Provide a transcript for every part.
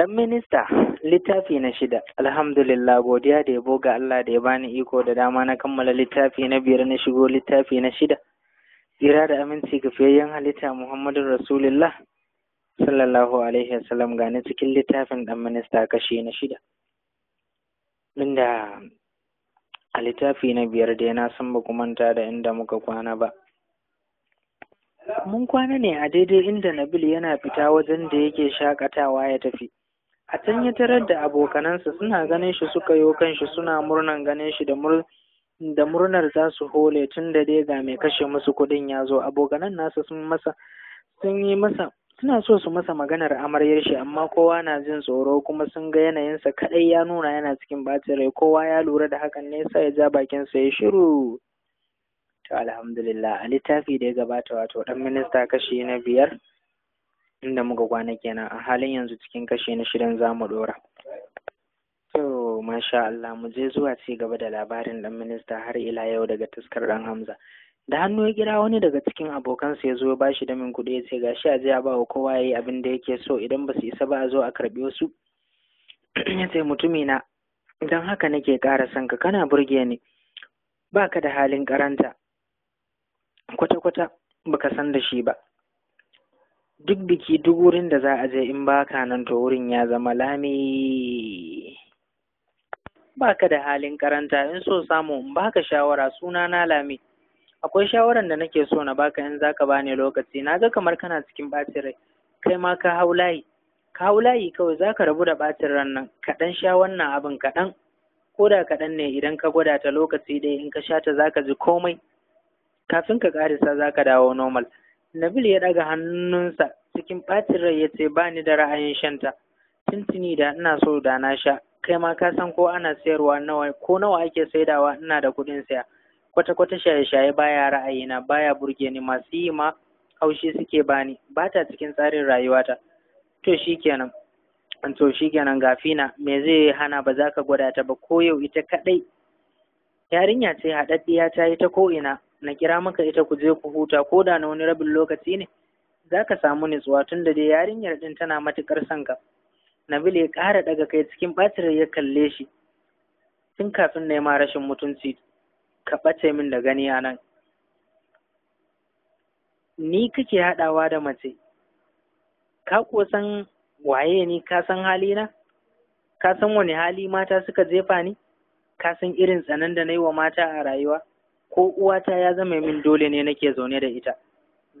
Dan minista littafi na shida alhamdulillah godiya da ya ga Allah da ya bani iko da dama na kammala littafi na biyar na shigo littafi na shida tsira da aminci ga fiyayyen halitta Muhammadu Rasulullah sallallahu alaihi wasallam gani cikin littafin dan minista kashi na shida inda a littafi na biyar da na san ba manta da inda muka kwana ba mun kwana ne a daidai inda Nabil yana fita wajen da yake shakatawa ya tafi a can ya tarar da abokanansa suna ganin shi suka yo kanshi suna murnan ganin shi da murnar za su hole tun da dai ga mai kashe musu kudin ya zo abokanan nasa sun masa sun yi masa suna so su masa maganar amaryar shi amma kowa na jin tsoro kuma sun ga yanayinsa kaɗai ya nuna yana cikin bacin rai kowa ya lura da hakan ne sai ya ja bakinsa ya shiru to alhamdulillah a littafi da ya gabata wato ɗan minista kashi na biyar inda muka kwana kenan a halin yanzu cikin kashe na shirin za mu ɗora. To, masha Allah, mu je zuwa ci gaba da labarin ɗan minista har ila yau daga taskar ɗan Hamza. Da hannu ya kira wani daga cikin abokansa ya zo ya bashi min kuɗi ya ce gashi a je a ba wa kowa ya yi abin da yake so idan ba su isa ba a zo a karɓi wasu. ya ce mutumi na idan haka nake ƙara son ka kana burge ni ba ka da halin karanta kwata-kwata baka san da shi ba duk biki duk wurin da za a je in baka nan to wurin ya zama lami baka da halin karanta in so samu in baka shawara suna na lami akwai shawaran da nake so na baka in zaka bani lokaci na ga kamar kana cikin bacin rai kai ma ka hau layi ka hau layi kawai zaka rabu da bacin ran nan kaɗan sha wannan abin kaɗan ko da kaɗan ne idan ka gwada ta lokaci ɗaya in ka sha ta zaka ji komai kafin ka ƙarisa zaka dawo normal Nabil ya ɗaga hannunsa cikin ɓacin rai ya ce ba ni da ra'ayin shanta. Tuntuni da ina so da na sha, kai ma ka san ko ana sayarwa nawa ko nawa ake saidawa ina da kuɗin saya. Kwata-kwata shaye-shaye baya ra'ayina baya burge ni masu yi ma haushi suke bani ba ta cikin tsarin rayuwata. To shikenan. To gafina me zai hana ba za ka gwada ta ba ko yau ita kaɗai. Yarinya ce haɗaɗɗiya ta yi ta ko'ina na kira maka ita ku je ku huta ko da na wani rabin lokaci ne za ka samu nutsuwa tun da dai yarinyar din tana matuƙar son ka Nabil ya ƙara daga kai cikin ɓacin ya kalle shi tun kafin na ma rashin mutunci ka ɓace min da gani a nan ni kake haɗawa da mace ka kuwa san waye ni ka san halina ka san wani hali mata suka jefa ni ka san irin tsanan da na yi wa mata a rayuwa ko uwata ya zama min dole ne nake zaune da ita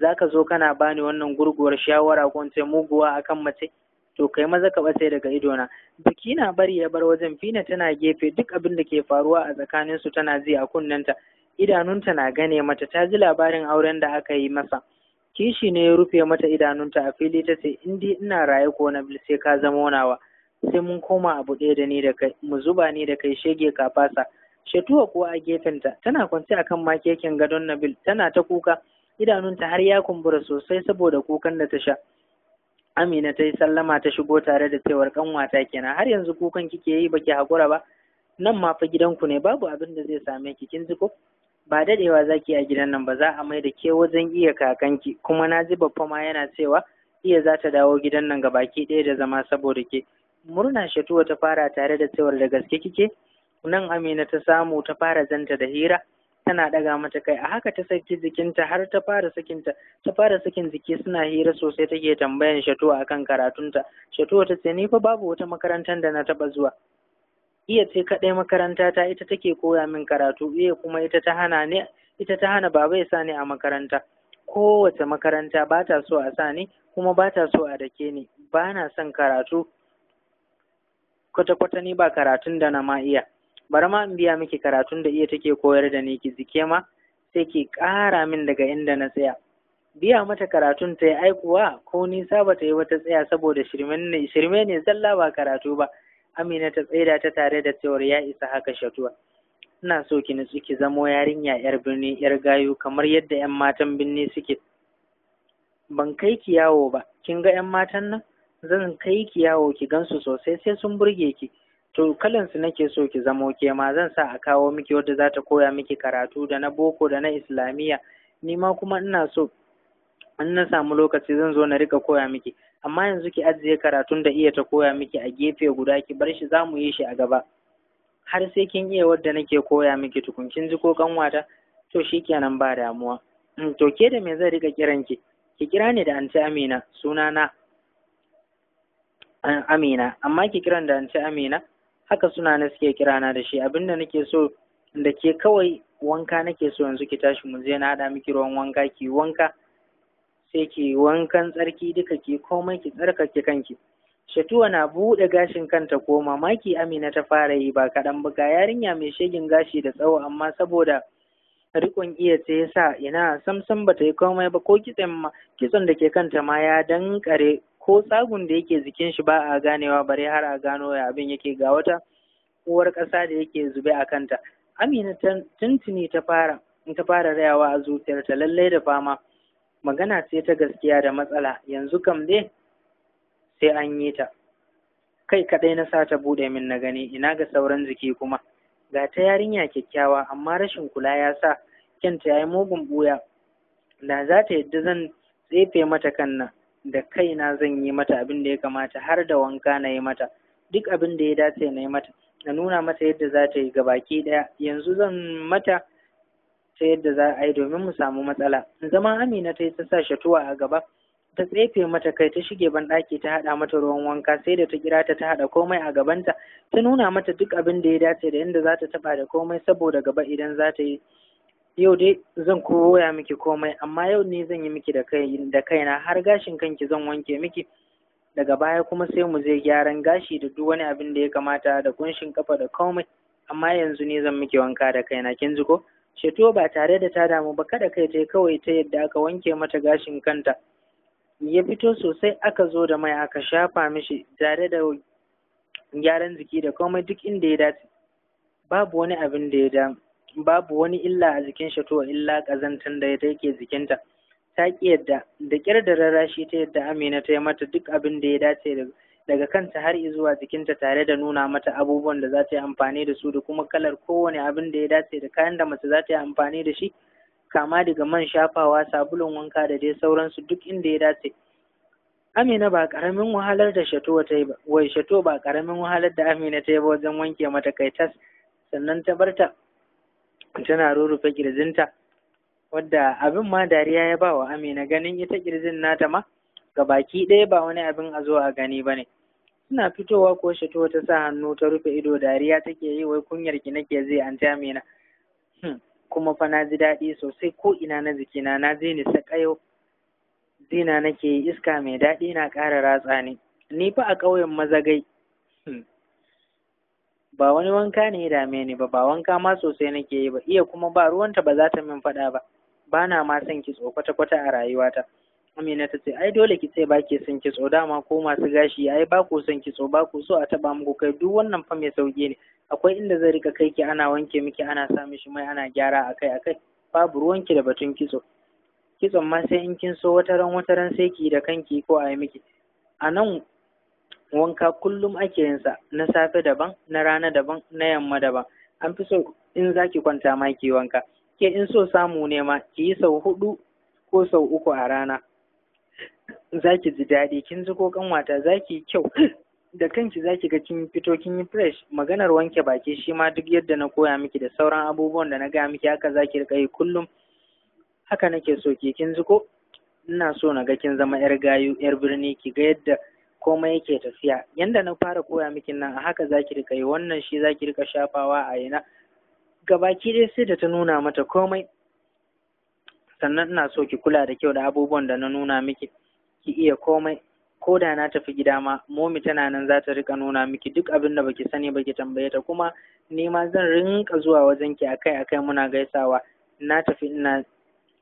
zaka zo kana bani wannan gurguwar shawara ko ce muguwa akan mace to kai maza ka bace daga idona biki na bari ya bar wajen fina tana gefe duk abin da ke faruwa a tsakanin su tana ji a kunnenta idanunta na gane mata ta ji labarin auren da aka yi masa kishi ne ya rufe mata idanunta a fili ta ce in dai ina raye ko na sai ka zama nawa sai mun koma abu ɗaya da ni da kai mu zuba ni da kai shege kafasa. Shetuwa kuwa a gefenta tana kwance a kan makekin gadon Nabil tana ta kuka idanunta har ya kumbura sosai saboda kukan da ta sha. Amina ta yi sallama ta shigo tare da cewar kanwata kenan har yanzu kukan kike yi baki hakura ba nan ma fa gidanku ne babu abin da zai same ki kin ji ko ba dadewa zaki a gidan nan ba za a mai da ke wajen iya kakanki kuma na ji babba ma yana cewa iya za ta dawo gidan nan gabaki ɗaya da zama saboda ke murna shatuwa ta fara tare da cewar da gaske kike nan amina ta samu ta fara zanta da hira tana daga mata kai a haka ta saki jikinta har ta fara sakinta ta fara sakin jiki suna hira sosai take tambayan shatuwa akan karatunta shatuwa ta ce ni fa babu wata makarantar da na taba zuwa iya ce kaɗai makaranta ta ita take koya min karatu iya kuma ita ta hana ne ita ta hana baba ya sa ni a makaranta kowace makaranta ba ta so a sa ni kuma ba ta so a dake ni ba na son karatu kwata-kwata ni ba karatun da na ma iya bari ma in biya miki karatun da iya take koyar da ni ki zike ma sai ki ƙara min daga inda na tsaya biya mata karatun ta yi aikuwa ko nisa ba ta yi wata tsaya saboda shirme ne zalla ba karatu ba amina ta tsaida ta tare da cewar ya isa haka shatuwa ina so ki nutsu ki zamo yarinya yar birni yar gayu kamar yadda yan matan birni suke ban kai ki yawo ba kin ga yan matan nan zan kai ki yawo ki gansu sosai sai sun burge ki To kalan su nake so ki zamo ke ma zan sa a kawo miki wadda za ta koya miki karatu da na boko da na islamiyya ni ma kuma ina so in na samu lokaci zan zo na rika koya miki amma yanzu ki ajiye karatun da iya ta koya miki a gefe guda ki bar shi za mu yi shi a gaba har sai kin iya wadda nake koya miki tukun kin ji ko kanwata to shikenan ba damuwa mm, to ke da me zan rika kiran ki ki kira ni da anti Amina sunana eh, Amina amma ki kiran da anti Amina haka suna na suke kira na da shi abinda nake so da ke kawai wanka nake so yanzu ki tashi mu je na hada miki ruwan wanka ki wanka sai ki wankan tsarki duka ki komai ki tsarkake kanki Shatuwa na buɗe gashin kanta ko mamaki Amina ta fara yi ba kaɗan ba ga yarinya mai shegin gashi da tsawo amma saboda rikon iya ce ya sa ina samsam bata yi komai ba ko kitsen da ke kanta ma ya dankare ko tsagun da yake jikin shi ba a ganewa bare har a gano ya abin yake ga wata uwar ƙasa da yake zube a kanta amina tuntuni ta fara ta fara rayawa a ta. lallai da fama magana ce ta gaskiya da matsala yanzu kam dai sai an yi ta kai kadai na sa ta buɗe min na gani ina ga sauran jiki kuma ga ta yarinya kyakkyawa amma rashin kula ya sa kyanta ya yi mugun buya da za ta yadda zan tsefe mata kan nan da kaina zan yi mata abin da ya kamata har da wanka na yi mata duk abin da ya dace na yi mata na nuna mata yadda za ta yi gabaki daya yanzu zan mata ta yadda za a yi domin mu samu matsala zama amina ta yi ta sa shatuwa a gaba ta tsefe mata kai ta shige ban ɗaki ta haɗa mata ruwan wanka sai da ta kira ta ta haɗa komai a gabanta ta nuna mata duk abin da ya dace da yadda za ta taɓa da komai saboda gaba idan za ta yi yau dai zan koya miki komai amma yau ne zan yi miki da kai da kaina har gashin kanki zan wanke miki daga baya kuma sai mu je gyaran gashi da duk wani abin da ya kamata da kunshin kafa da komai amma yanzu ne zan miki wanka da kaina kin ji ko Sheto ba tare da ta damu ba kada kai tai kawai ta yadda aka wanke mata gashin kanta ya fito sosai aka zo da mai aka shafa mishi tare da gyaran jiki da komai duk inda ya dace babu wani abin da ya damu babu wani illa a jikin to illa ƙazantar da yake jikinta ta ƙi yadda da ƙyar da rarrashi ta yadda amina ta yi mata duk abin da ya dace daga kanta har zuwa jikinta tare da nuna mata abubuwan da za ta yi amfani da su da kuma kalar kowane abin da ya dace da kayan da mace za ta yi amfani da shi kama daga man shafawa sabulun wanka da dai sauransu duk inda ya dace Amina ba karamin wahalar da Shato ta yi ba, wai Shato ba karamin wahalar da Amina ta yi ba wajen wanke mata kai tas, sannan ta barta tana rurrufe kirjinta wadda abin ma dariya ya ba wa amina ganin ita kirjin nata ma ga baki ɗaya ba wani abin a zo a gani ba ne suna fitowa ko shi ta sa hannu ta rufe ido dariya take yi wai kunyar ki nake zai an ta amina hmm, kuma fa na ji daɗi sosai ko ina na jikina na je ni sakayo zina nake iska mai daɗi na ƙara ratsa ni ni fa a ƙauyen mazagai hmm, ba wani wanka ne ya dame ni ba ba wanka ma sosai nake yi ba iya kuma ba ruwanta ba za ta min faɗa ba ba na ma son kitso kwata kwata a rayuwata Amina ta ce ai dole ki ce ba ke son kitso dama ko masu gashi ai ba ku son kitso ba ku so a taba muku kai duk wannan fa mai sauki ne akwai inda zan rika kai ki ana wanke miki ana sa mishi mai ana gyara akai akai babu ruwanki da batun kitso kitson ma sai in kin so wata ran sai ki da kanki ko a yi miki a nan wanka kullum ake yin sa na safe daban na rana daban na yamma daban an fi so in zaki kwanta ma ki wanka ke in so samu ne ma ki yi sau hudu ko sau uku a rana ki ji daɗi kin ji ko kanwata zaki kyau da kanki zaki ga kin fito kin yi fresh maganar wanke baki shi ma duk yadda na koya miki da sauran abubuwan da na ga miki haka zaki rika yi kullum haka nake so ki kin ji ko ina so na ga kin zama yar gayu yar birni ki ga yadda komai yake tafiya yanda na fara koya miki nan a haka zaki rika yi wannan shi zaki rika shafawa a ina gabaki dai sai da ta nuna mata komai sannan ina so ki kula da kyau da abubuwan da na nuna miki ki iya komai ko da na tafi gida ma momi tana nan za ta rika nuna miki duk abin da baki sani baki tambaye ta kuma ni ma zan rinka zuwa wajen ki akai akai muna gaisawa na tafi ina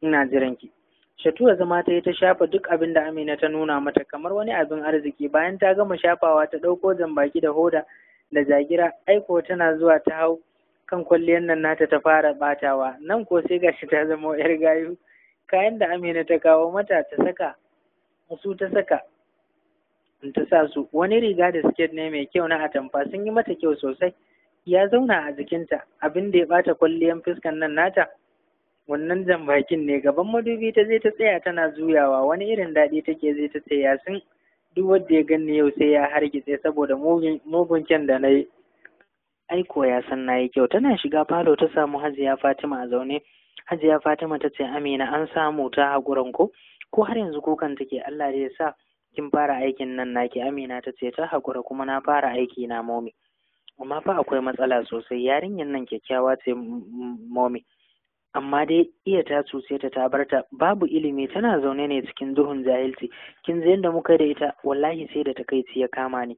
ina jiran ki Shatura zama ta yi ta shafa duk abin da Amina ta nuna mata kamar wani abin arziki bayan ta gama shafawa ta ɗauko zambaki da hoda da jagira aiko tana zuwa ta hau kan kwalliyar nan nata ta fara batawa nan ko sai gashi ta zama yar gayu kayan da Amina ta kawo mata ta saka su ta saka ta sa su wani riga da siket ne mai kyau na atamfa sun yi mata kyau sosai ya zauna a jikinta abin da ya bata kwalliyar fuskan nan nata wannan jan bakin ne gaban madubi ta zai ta tsaya tana zuyawa wani irin daɗi take zai ta tsaya sun duk wanda ya ganni yau sai ya hargitse saboda mugun kyan da na yi ai ya san na yi kyau tana shiga falo ta samu hajiya fatima a zaune hajiya fatima ta ce amina an samu ta haƙuran ko ko har yanzu kukan take allah da ya sa kin fara aikin nan naki amina ta ce ta haƙura kuma na fara aiki na momi amma fa akwai matsala sosai yarinyar nan kyakkyawa ce momi amma dai iya ta cuce ta ta barta babu ilimi tana zaune ne cikin duhun jahilci kin ji da muka da ita wallahi sai da ta takaici ya kama ni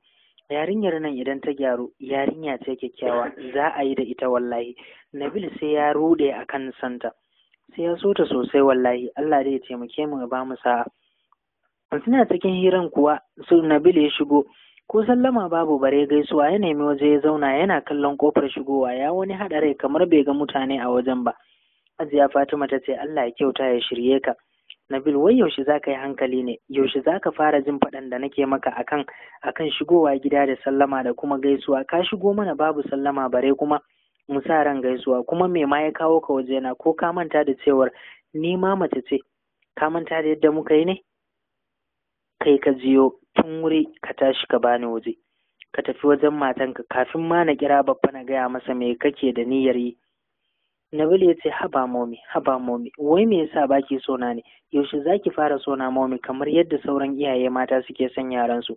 yarinyar nan idan ta gyaru yarinya ce kyakkyawa za a yi da ita wallahi nabil sai ya rude a kan santa sai ya so ta sosai wallahi allah dai ya taimake mu ba mu sa'a suna cikin hiran kuwa su nabil ya shigo ko sallama babu bare gaisuwa ya nemi waje ya zauna yana kallon kofar shigowa ya wani haɗa rai kamar bai ga mutane a wajen ba Ajiya Fatima ta ce Allah ya kyauta ya shirye ka. Nabil wai yaushe za ka yi hankali ne, yaushe za ka fara jin faɗan da nake maka akan akan shigowa gida da sallama da kuma gaisuwa, ka shigo mana babu sallama bare kuma mu sa ran gaisuwa, kuma me ma ya kawo ka wajena ko ka manta da cewar ni ma mace ce, ka manta da yadda muka yi ne? Kai ka jiyo tun wuri ka tashi ka bani waje, ka tafi wajen matanka kafin ma na kira babba na gaya masa me kake da niyyar yi. Nabil ya ce haba momi haba momi wai me yasa baki sona ne yaushe zaki fara sona momi kamar yadda sauran iyaye mata suke son yaran su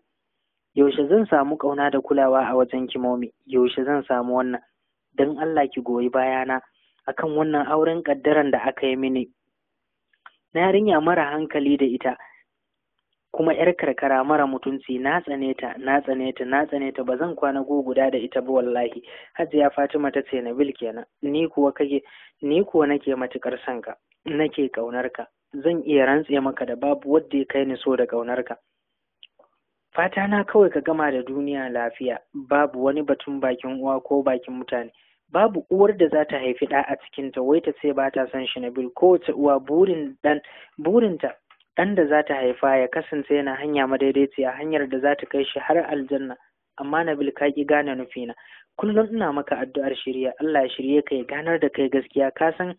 yaushe zan samu kauna da kulawa a wajen ki momi yaushe zan samu wannan dan Allah ki goyi bayana akan wannan auren kaddaran da aka yi mini na yarinya mara hankali da ita kuma yar karkara mara mutunci na tsane ta na tsane ta na tsane ta ba zan kwana go guda da ita ba wallahi hajiya fatima ta ce nabil kenan ni kuwa kake ni kuwa nake matukar son ka nake kaunar ka zan iya rantse maka da babu wadda ya kai ni so da kaunar ka fata na kawai ka gama da duniya lafiya babu wani batun bakin uwa ko bakin mutane babu uwar da za ta haifi ɗa a cikinta wai ta ce ba ta son shi nabil kowace uwa burin dan burinta ɗan da za ta haifa ya kasance yana hanya a hanyar da za ta kai shi har aljanna amma nabil ka ki gane nufina kullum ina maka addu'ar shirya Allah ya shirye ka ya ganar da kai gaskiya ka san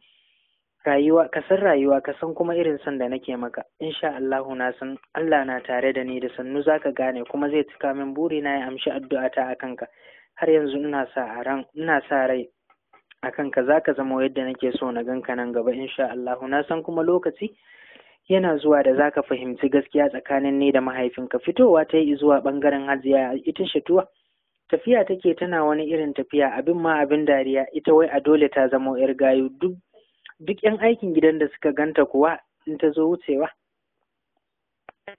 rayuwa ka san rayuwa ka san kuma irin son da nake maka insha Allah na san Allah na tare da ni da sannu zaka gane kuma zai cika min buri na ya amshi addu'ata akan ka har yanzu ina sa ran ina sa rai akan ka zaka zama yadda nake so na ganka nan gaba insha Allah na san kuma lokaci yana zuwa da zaka fahimci gaskiya tsakanin ne da mahaifinka fitowa ta yi zuwa bangaren hajiya ita shatuwa tafiya take tana wani irin tafiya abin ma abin dariya ita wai a dole ta zamo yar gayu duk duk yan aikin gidan da suka ganta kuwa in ta zo wucewa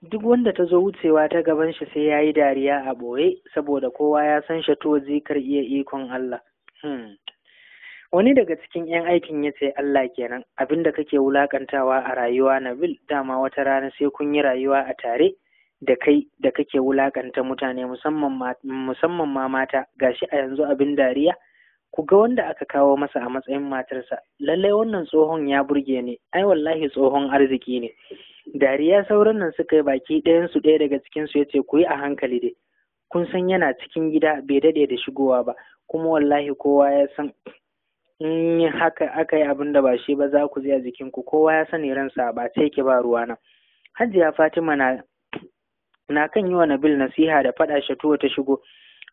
duk wanda ta zo wucewa ta gaban shi sai yayi dariya a boye saboda kowa ya san shatuwa zikar iya ikon Allah hmm. wani daga cikin 'yan aikin ya ce Allah kenan abin da kake wulakantawa a rayuwa na bil dama wata rana sai kun yi rayuwa a tare da kai da kake wulakanta mutane musamman ma mata ga shi a yanzu abin dariya ku ga wanda aka kawo masa a matsayin matarsa lallai wannan tsohon ya burge ne ai wallahi tsohon arziki ne dariya sauran nan suka yi baki ɗayansu ɗaya daga cikinsu ya ce ku yi a hankali dai kun san yana cikin gida bai daɗe da shigowa ba kuma wallahi kowa ya san in haka aka yi abin da ba shi ba za ku je a jikinku kowa ya sani ransa ba sai ki ba ruwa ruwana hajiya fatima na kan yi wa nabil nasiha da faɗa shatuwa ta shigo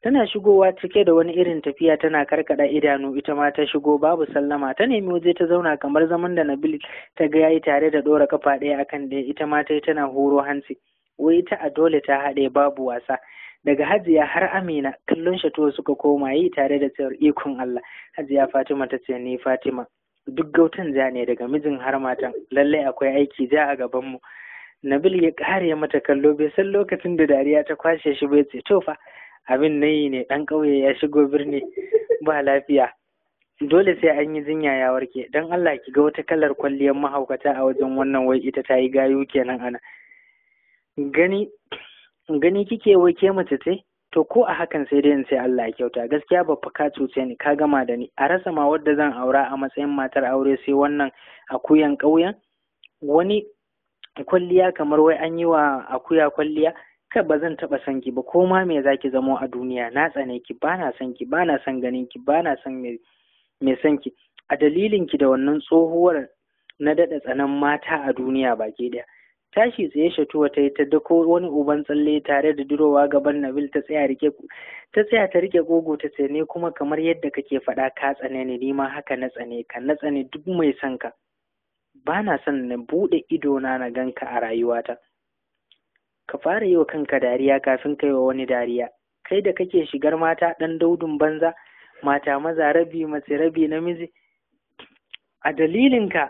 tana shigowa cike da wani irin tafiya tana karkada idanu ita ma ta shigo babu sallama ta nemi waje ta zauna kamar zaman da nabil ta ga yayi tare da ɗora kafa ɗaya akan ɗaya ita ma ta yi tana horo hanci wai ta a dole ta haɗe babu wasa daga hajiya har amina kallon shatuwa suka koma yi tare da cewar ikon allah hajiya fatima ta ce ni fatima duk gautan ja ne daga mijin har matan lallai akwai aiki ja a gaban mu nabil ya kare mata kallo bai san lokacin da dariya ta kwashe shi bai ce to fa abin nayi ne dan kauye ya shigo birni ba lafiya dole sai an yi jinya ya warke dan Allah ki ga wata kalar kwalliyar mahaukata a wajen wannan wai ita ta yi gayu kenan ana gani gani kike wai ke mace ce to ko a hakan sai dai in sai Allah ya kyauta gaskiya ba ka cuce ni ka gama da ni a rasa ma wadda zan aura a matsayin matar aure sai wannan akuyan ƙauyen wani kwalliya kamar wai an yi wa akuya kwalliya ka ba zan taɓa son ki ba ko ma me zaki zamo a duniya na tsane ki ba na son ki ba na son ganin ki ba na son me son ki a dalilin ki da wannan tsohuwar na daɗa tsanan mata a duniya baki ɗaya tashi tsaye shatuwa ta yi ta dako wani uban tsalle tare da durowa gaban Nabil ta tsaya rike ta tsaya ta rike gogo ta tsene, kuma kamar yadda kake faɗa ka tsane ni ni ma haka na tsane ka na tsane duk mai son ka ba na son na buɗe ido na na ka a rayuwata ka fara yi wa kanka dariya kafin kai wa wani dariya kai da kake shigar mata ɗan daudun banza mata maza rabi mace rabi namiji a dalilinka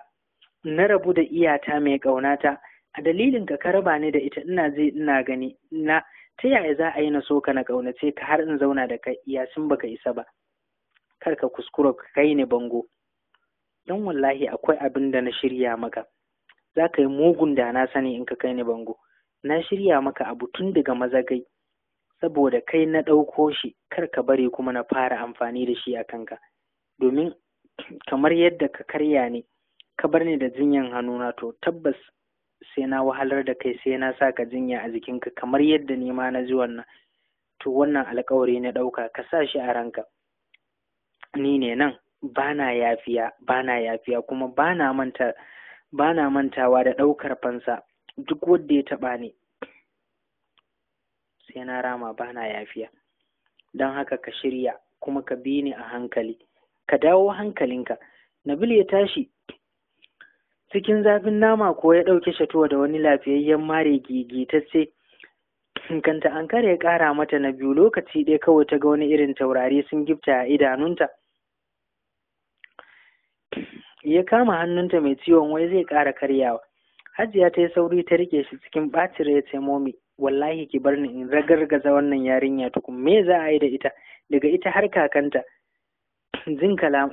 na rabu da iyata mai ƙaunata a dalilin ka raba ni da ita ina je ina gani na ta yaya za a yi na so ka na kaunace ka har in zauna da kai Ya sun baka isa ba kar ka kuskura ka kai ni bango dan wallahi akwai abin da na shirya maka za ka yi mugun da na sani in ka kai ni bango na shirya maka abu tun daga mazagai saboda kai na ɗauko shi kar ka bari kuma na fara amfani da shi a kanka domin kamar yadda ka karya ne ka bar ni da jinyan hannuna to tabbas sai na wahalar da kai sai na sa ka jinya a jikinka kamar yadda ni ma na ji wannan to wannan alkawari na ɗauka ka sa shi a ranka ni ne nan bana yafiya bana yafiya kuma bana manta mantawa da ɗaukar fansa duk wanda ya taɓa ni sai na rama bana yafiya don haka ka shirya kuma ka bi ni a hankali ka dawo hankalinka nabil ya tashi cikin zafin nama ko ya ɗauki shatuwa da wani lafiyayyen mare ce, kanta an kare ya ƙara mata na biyu lokaci ɗaya kawai ta ga wani irin taurari sun gifta a idanunta ya kama hannunta mai ciwon wai zai ƙara karyawa hajiya ta yi sauri ta rike shi cikin ɓacin ya ce momi wallahi ki bar ni in ragargaza wannan yarinya tukun me za a yi da ita daga ita har kakanta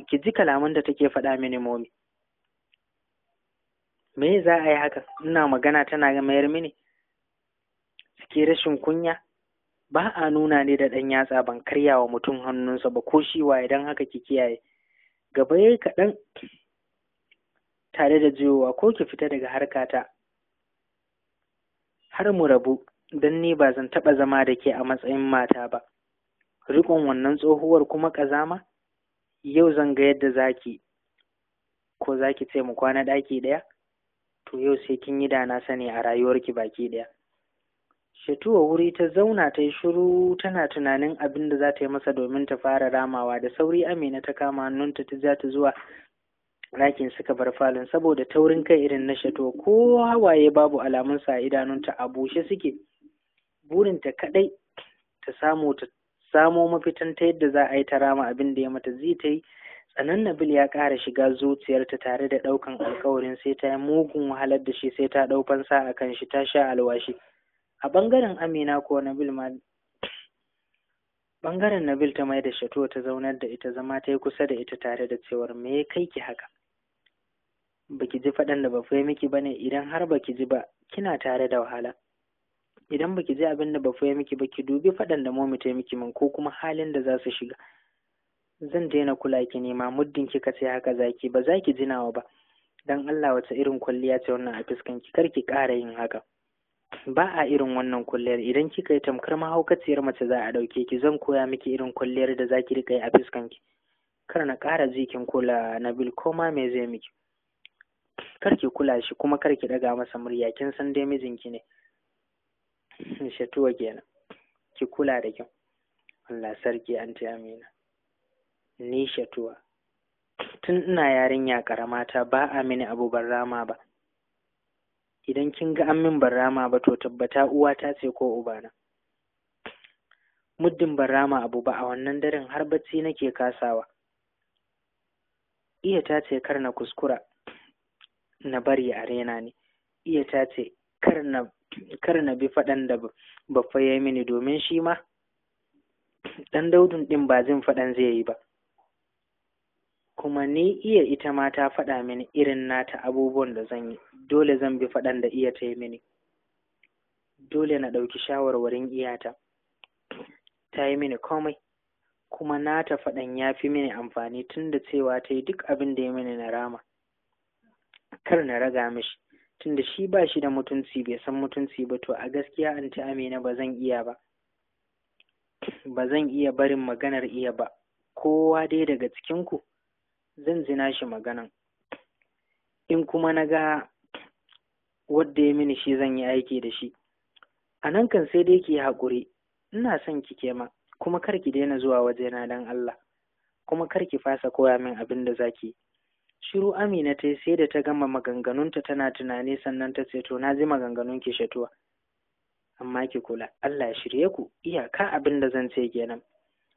ki ji kalaman da take faɗa mini momi me za a yi haka ina magana tana ga mayar mini suke rashin kunya ba a nuna ne da ɗan yatsa ban karya wa mutum hannunsa ba ko shi wa idan haka ki kiyaye gaba yayi kaɗan tare da jiyowa ko ki fita daga harkata har mu rabu don ni ba zan taɓa zama da ke a matsayin mata ba Rikon wannan tsohuwar kuma ƙazama yau zan ga yadda zaki ko zaki ce mu kwana ɗaki ɗaya to yau sai kin yi dana sani a rayuwarki baki ɗaya Shatuwa wuri ta zauna ta yi shiru tana tunanin abin da za ta yi masa domin ta fara ramawa da sauri Amina ta kama hannunta ta za ta zuwa ɗakin suka bar falon saboda taurin kai irin na Shatuwa ko hawaye babu alamunsa a idanunta a bushe suke burinta kaɗai ta samu ta samo mafitan ta yadda za a yi ta rama abin da ya mata zai ta yi tsanan nabil ya ƙara shiga zuciyarta tare da ɗaukan alkawarin sai ta yi mugun wahalar da shi sai ta ɗau fansa a kan shi ta sha alwashi a ɓangaren amina ko nabil ma ɓangaren nabil ta mai da shato ta zaunar da ita zama ta yi kusa da ita tare da cewar me ya kai ki haka baki ji faɗan da ba fai miki ba ne, idan har baki ji ba kina tare da wahala idan baki ji abin da ba fai miki ba ki dubi faɗan da momi ta miki min, ko kuma halin da za su shiga zan daina kula ki nema muddin kika ce haka zaki ba za ki jinawa ba dan Allah wace irin kwalliya ce wannan a fuskan ki kar ki ƙara yin haka ba a irin wannan kwalliyar idan kika yi tamkar mahaukaciyar mace za a ɗauke ki zan koya miki irin kwalliyar da zaki rika yi a fuskan ki kar na ƙara jikin kula na bil koma me zai miki kar ki kula shi kuma kar ki ɗaga masa murya kin san dai mijinki ne shatuwa kenan ki kula da kyau Allah sarki anti amina nishatuwa tun ina yarinya karama ba a mini abu ban rama ba idan kin ga an min ban rama ba to tabbata uwata ce ko ubana muddin ban rama abu ba a wannan daren har bacci nake kasawa iya ta ce kar na kuskura na bari a rena ne iya ta ce kar na bi faɗan da baffa ya yi mini domin shi ma ɗan daudun ɗin ba zin faɗan zai yi ba kuma ni iya ita ma ta faɗa mini irin nata abubuwan da zan yi dole zan bi faɗan da iya ta yi mini dole na ɗauki shawarwarin iyata ta yi mini komai kuma nata faɗan ya fi mini amfani tun da cewa ta yi duk abin da ya mini na rama kar na raga mishi tun da shi ba shi da mutunci bai san mutunci ba to a gaskiya an ta amina ba zan iya ba ba zan iya barin maganar iya ba kowa dai daga cikinku zan zina shi maganan in kuma na ga wadda ya mini shi zan yi aiki da shi a nan kan sai dai ki haƙuri ina son ki kema kuma kar ki daina zuwa wajena don Allah kuma kar ki fasa koya min abin da zaki shiru amina ta sai da ta gama maganganunta tana tunani sannan ta ce to na ji maganganun ki shatuwa amma ki kula Allah ya shirye ku iyaka abin da zan ce kenan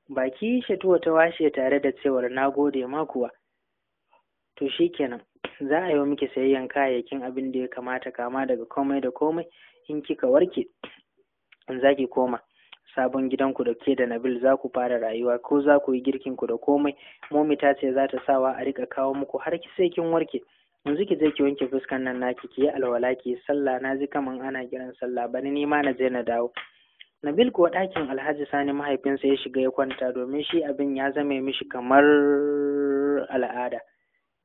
baki shatuwa ta washe tare da cewar na gode ma kuwa to shi kenan za a yi wa miki sayayyan kayayyakin abin da ya kamata kama daga komai da komai in kika warke in za ki koma sabon gidanku da ke da nabil za ku fara rayuwa ko za ku yi girkin ku da komai momi ta ce za ta sawa a rika kawo muku har ki sai kin warke yanzu ki je ki wanke fuskan nan naki ki yi alwala ki yi sallah na ji kaman ana kiran sallah bani ni ma na je na dawo Nabil kuwa ɗakin Alhaji Sani mahaifinsa ya shiga ya kwanta domin shi abin ya zame mishi kamar al'ada.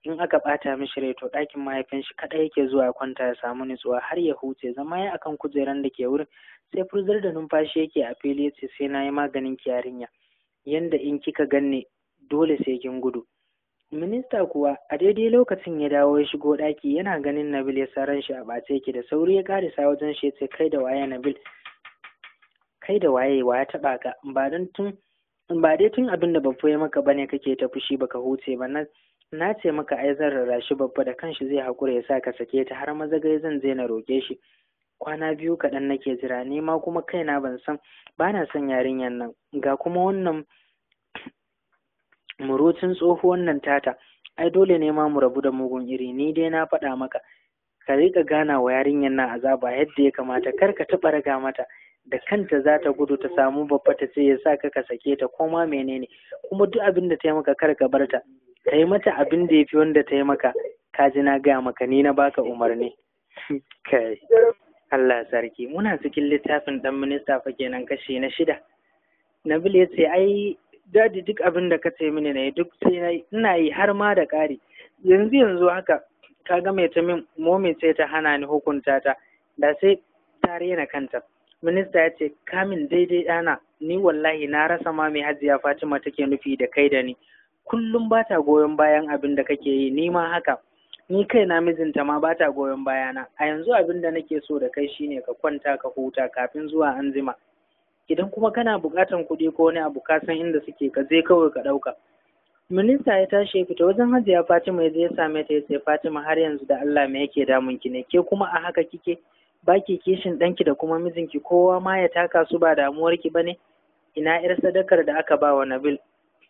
in aka ɓata mishi rai to ɗakin mahaifin shi kaɗai yake zuwa ya kwanta ya samu nutsuwa har ya huce zama ya akan kujeran da ke wurin sai furzar da numfashi yake a fili ya ce sai na yi maganin ki yarinya yanda in kika ganne dole sai kin gudu minista kuwa a daidai lokacin ya dawo ya shigo ɗaki yana ganin nabil ya sa ran shi a ɓace yake da sauri ya ƙarisa wajen shi ya ce kai da waye nabil kai da waye wa ya taɓa ka ba dai tun abin da babba ya maka bane kake ta fushi baka huce ba nan na ce maka ai zan shi babba da kanshi zai haƙura ya sa ka sake ta har maza mazagai zan je na roƙe shi kwana biyu kaɗan nake jira ni ma kuma kaina ban san ba na son yarinyar nan ga kuma wannan murutun tsohuwan nan tata ai dole ne ma mu rabu da mugun iri ni dai na faɗa maka ka riƙa gana wa yarinyar nan azaba yadda ya kamata kar ka taɓa raga mata da kanta za ta gudu ta samu babba ta ce ya sa ka ka sake ta ko ma menene kuma duk abin da ta yi maka kar ka bar ta ka yi mata abin da ya fi wanda ta yi maka ka ji na gaya maka ni na baka umarni kai Allah sarki muna cikin littafin dan minista fa kenan kashi na shida Nabil ya ce ai dadi duk abin da ka ce mini ne duk sai ina yi har ma da ƙari yanzu yanzu haka ka ga mai ta min momi sai ta hana ni hukunta ta da sai ta rena kanta minista ya ce kamin daidai dana? ni wallahi na rasa ma mai hajiya fatima take nufi da kai da ni kullum ba ta goyon bayan abin da kake yi ni ma haka ni kai na mijinta ma ba ta goyon bayana a yanzu abin da nake so da kai shine ka kwanta ka huta kafin zuwa zima. idan kuma kana buƙatan kuɗi ko wani abu ka san inda suke ka je kawai ka ɗauka minista ya tashi ya fita wajen hajiya fatima ya je ya same ta ya ce fatima har yanzu da allah me yake damun ki ne ke kuma a haka kike baki kishin ɗanki da kuma mijinki kowa ma ya taka su ba damuwarki ne? ina 'yar sadakar da aka ba wa nabil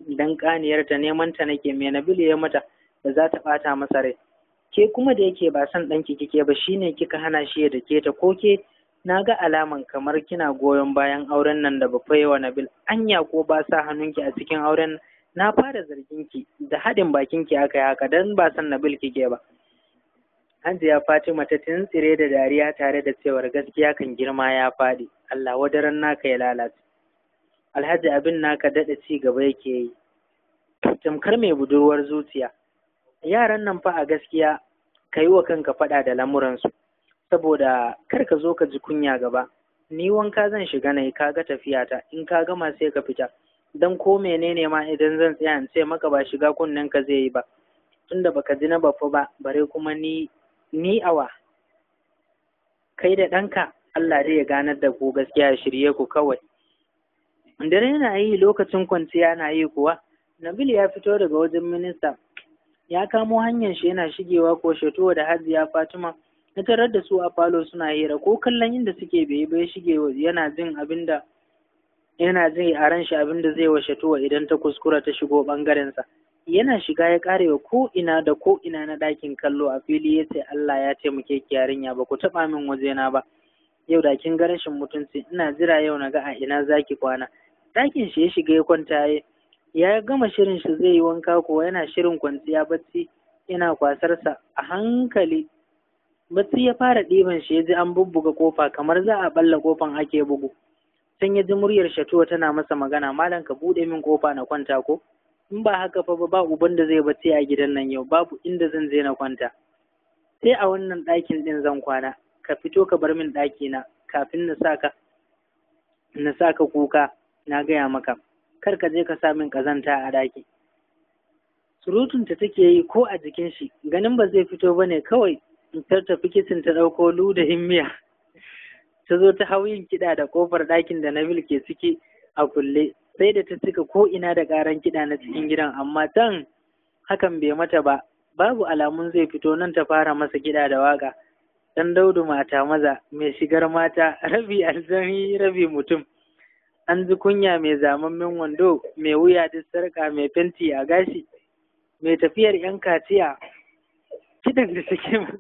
dan ƙaniyarta neman ta nake me na ya mata da za ta bata masa rai ke kuma da yake ba son ɗanki kike ba shine kika hana shi ya dake ta ko ke na ga alaman kamar kina goyon bayan auren nan da ba wa Nabil anya ko ba sa hannunki a cikin auren na fara zargin ki da haɗin bakin ki aka yi haka dan ba san Nabil kike ba Hajiya Fatima ta tsire da dariya tare da cewar gaskiya kan girma ya faɗi Allah wadaran naka ya lalace alhaji abin naka daɗa ci gaba yake yi tamkar mai budurwar zuciya yaran nan fa a gaskiya ka yi wa kanka faɗa da lamuransu saboda kar ka zo ka ji kunya gaba ni wanka zan shiga na yi kaga tafiyata in ka gama sai ka fita dan ko menene ma idan zan tsaya in ce maka ba shiga kunnen ka zai yi ba tunda baka ji na bafa ba bare kuma ni ni awa kai da ɗanka Allah dai ya ganar da ku gaskiya shirye ku kawai dare yana yi lokacin kwanciya na yi kuwa nabil ya fito daga wajen minista ya kamo hanyar shi yana shigewa ko shato da hajiya fatima na tarar da su a falo suna hira ko kallon inda suke bai bai shige yana jin abin a ran shi abin da zai washe tuwa idan ta kuskura ta shigo bangaren yana shiga ya karewa ko ina da ko ina na dakin kallo a fili ya ce Allah ya ce muke yarinya ba ku taɓa min wajena ba yau da kin ga rashin mutunci ina jira yau na ga a ina zaki kwana ɗakin shi ya shiga ya kwanta ya Ya gama shirin shi zai yi wanka kuwa yana shirin kwanciya bacci yana kwasarsa a hankali bacci ya fara ɗiban shi ya ji an bubbuga kofa kamar za a ɓalla kofan ake bugu Sun ya ji muryar shatuwa tana masa magana malam ka buɗe min kofa na kwanta ko in ba haka fa ba uban da zai bacci a gidan nan yau babu inda zan je na kwanta sai a wannan ɗakin ɗin zan kwana ka fito ka bar min ɗakina kafin na saka na saka kuka na gaya maka kar ka je ka sa min ƙazanta a ɗaki ta take yi ko a jikin shi ganin ba zai fito ba ne kawai in tartafi kitin ta ɗauko lu himmiya ta zo ta hau yin kiɗa da ƙofar ɗakin da Nabil ke ciki a kulle sai da ta cika ko ina da ƙaran kiɗa na cikin gidan amma can hakan bai mata ba babu alamun zai fito nan ta fara masa kiɗa da waƙa dan daudu mata maza mai shigar mata rabi aljami, rabi mutum An ji kunya mai zamammen wando, mai wuya da sarƙa mai fenti a gashi, mai tafiyar ‘yan kaciya, Kiɗan da take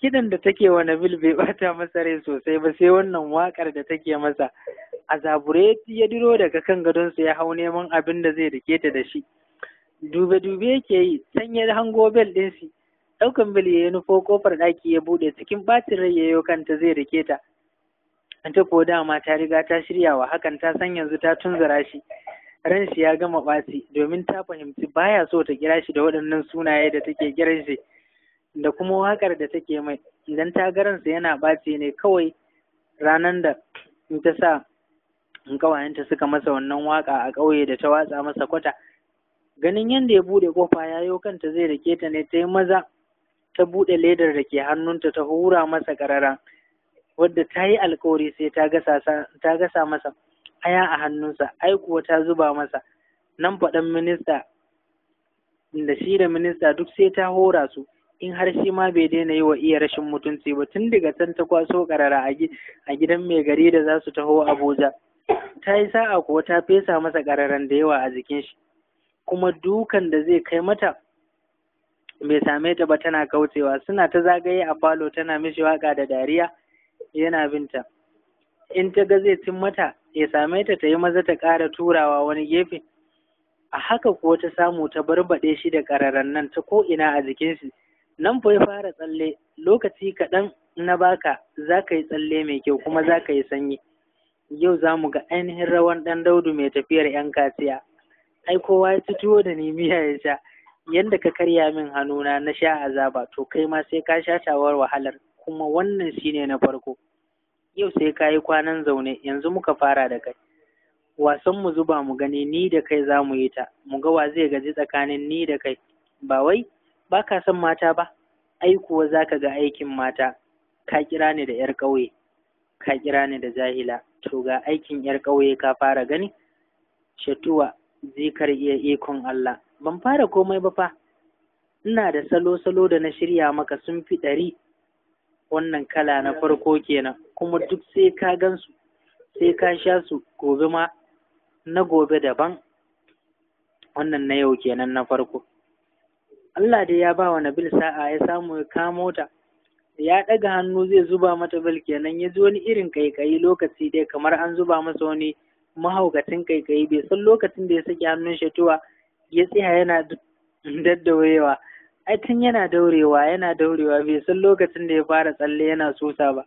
kidan da take wa Nabil bai bata masa rai sosai ba sai wannan waƙar da take masa. A zabure ya diro daga kan gadon su ya hau neman abin da zai rike ta da shi. Dube-dube yake yi, sanya hango bel ɗin shi. Ɗaukan bel ya nufo kofar ɗaki ya buɗe cikin ɓacin rai ya kanta zai rike ta. ta ko dama ta riga ta shirya wa hakan ta san yanzu ta tunzura shi ran shi ya gama ɓaci domin ta fahimci baya so ta kira shi da waɗannan sunaye da take kiran shi da kuma waƙar da take mai idan ta yana ɓaci ne kawai ranar da ta sa ƙawayenta suka masa wannan waka a ƙauye da ta watsa masa kwata ganin yadda ya buɗe kofa ya yo kanta zai rike ta ne ta yi maza ta buɗe ledar da ke hannunta ta hura masa ƙarara wadda ta yi alkawari sai ta gasa masa aya a hannunsa ai kuwa ta zuba masa nan faɗan minista da shi da minista duk sai ta hora su in har shi ma bai daina yi wa iya rashin mutunci ba tun daga can ta kwaso karara a gidan mai gari da za su taho abuja ta yi sa'a kuwa ta fesa masa kararan da yawa a jikin shi kuma dukan da zai kai mata bai same ta ba tana kaucewa suna ta zagaye a falo tana mishi waka da dariya yana binta in ta ga zai cin mata ya same ta ta yi maza ta ƙara turawa wani gefe a haka kuwa ta samu ta barbaɗe shi da ƙararren nan ta ko'ina a jikin shi nan fa ya fara tsalle lokaci kaɗan na baka za ka yi tsalle mai kyau kuma za ka yi sanyi yau za mu ga ainihin rawan ɗan daudu mai tafiyar yan kaciya ai kowa ya tuwo da ni miya ya sha yadda ka karya min hannuna na sha azaba to kai ma sai ka sha shawar wahalar kuma wannan shine na farko yau sai ka yi kwanan zaune yanzu muka fara da kai wasan mu zuba mu gani ni da kai za mu yi ta mu ga wa zai gaji tsakanin ni da kai ba wai ba ka son mata ba ai kuwa za ka ga aikin mata ka kira ni da yar ƙauye ka kira ni da jahila to ga aikin yar ƙauye ka fara gani shatuwa zikar iya ikon Allah ban fara komai ba fa ina da salo-salo da na shirya maka sun fi ɗari wannan kala na farko kenan kuma duk sai ka gansu sai ka sha su gobe ma na gobe daban wannan na yau kenan na farko Allah dai ya ba wa Nabil sa'a ya samu ya kamo ta ya ɗaga hannu zai zuba mata bil kenan ya ji wani irin kaikayi lokaci dai kamar an zuba masa wani mahaukacin kaikayi bai san lokacin da ya saki hannun shatuwa ya tsaya yana daddawayewa ai tun yana daurewa yana daurewa bai san lokacin da ya fara tsalle yana susa ba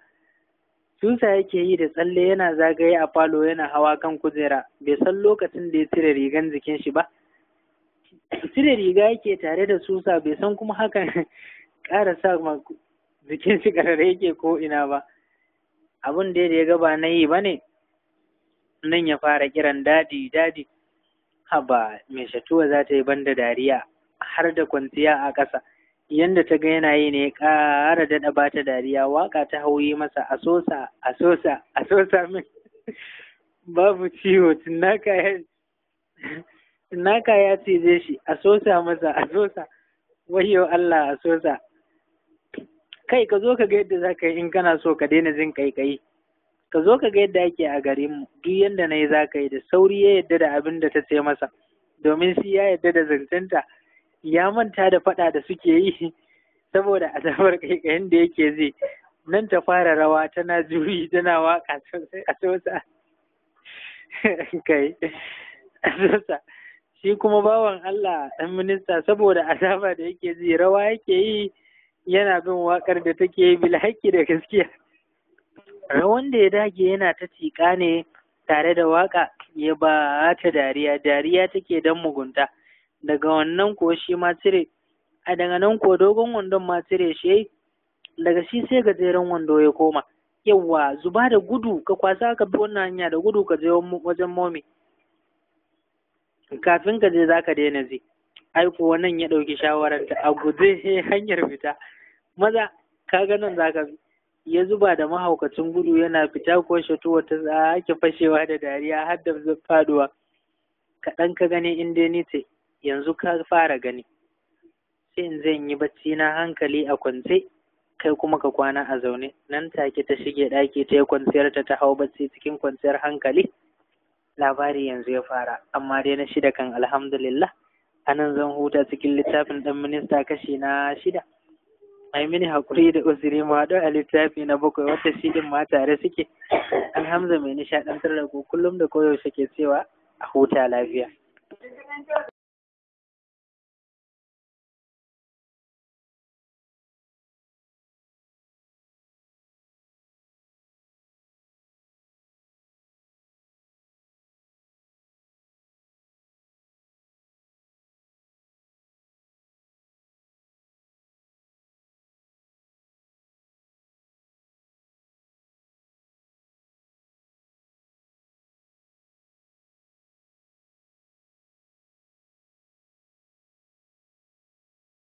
susa yake yi da tsalle yana zagaye a falo yana hawa kan kujera bai san lokacin da ya cire rigan jikin shi ba cire riga yake tare da susa bai san kuma hakan ƙara sa ma jikin shi ƙarare yake ko ina ba abin da ya gaba na yi ba ne nan ya fara kiran dadi dadi haba mai shatuwa za ta yi banda dariya har da kwanciya a ƙasa yanda ta ga yana yi ne ya ƙara daɗa ba ta dariya waƙa ta hauyi masa a sosa a sosa a sosa min babu ciwo tunaka ya cize shi a sosa masa a sosa wayo Allah a sosa kai ka zo ka ga yadda za ka yi in kana so ka daina jin kaikayi ka zo ka ga yadda ake a garinmu, duk yadda na yi za ka yi da sauri ya yadda da abin da ta ce masa domin shi ya yadda da zancenta ya manta da faɗa da suke yi saboda azabar kaikayin da yake ji nan ta fara rawa tana juri tana waka a sosa kai a sosa shi kuma bawan Allah ɗan minista saboda azaba da yake ji rawa yake yi yana bin wakar da take yi bil haƙƙi da gaskiya rawan da ya dage yana ta tiƙa ne tare da waka ya ba ta dariya dariya take dan mugunta daga wannan ko shi ma cire a daga nan ko dogon wandon ma cire shi yayi daga shi sai gajeren wando ya koma yawwa zuba da gudu ka kwasa ka bi wannan hanya da gudu ka je wajen momi kafin ka je zaka daina ji ai kuwa nan ya ɗauki shawararta a guje hanyar fita maza ka ga nan zaka bi ya zuba da mahaukacin gudu yana fita ko shatuwa ta ake fashewa da dariya har da faduwa kaɗan ka gani in ni ce yanzu ka fara gani sai in zan yi bacci na hankali a kwance kai kuma ka kwana a zaune nan take ta shige ɗaki ta yi kwanciyar ta ta hau bacci cikin kwanciyar hankali labari yanzu ya fara amma dai na shida kan alhamdulillah a nan zan huta cikin littafin ɗan minista kashi na shida ai mini hakuri da uzuri ma a littafi na bakwai wata shi ɗin ma tare suke hamza mai nishaɗantar da ku kullum da koyaushe ke cewa a huta lafiya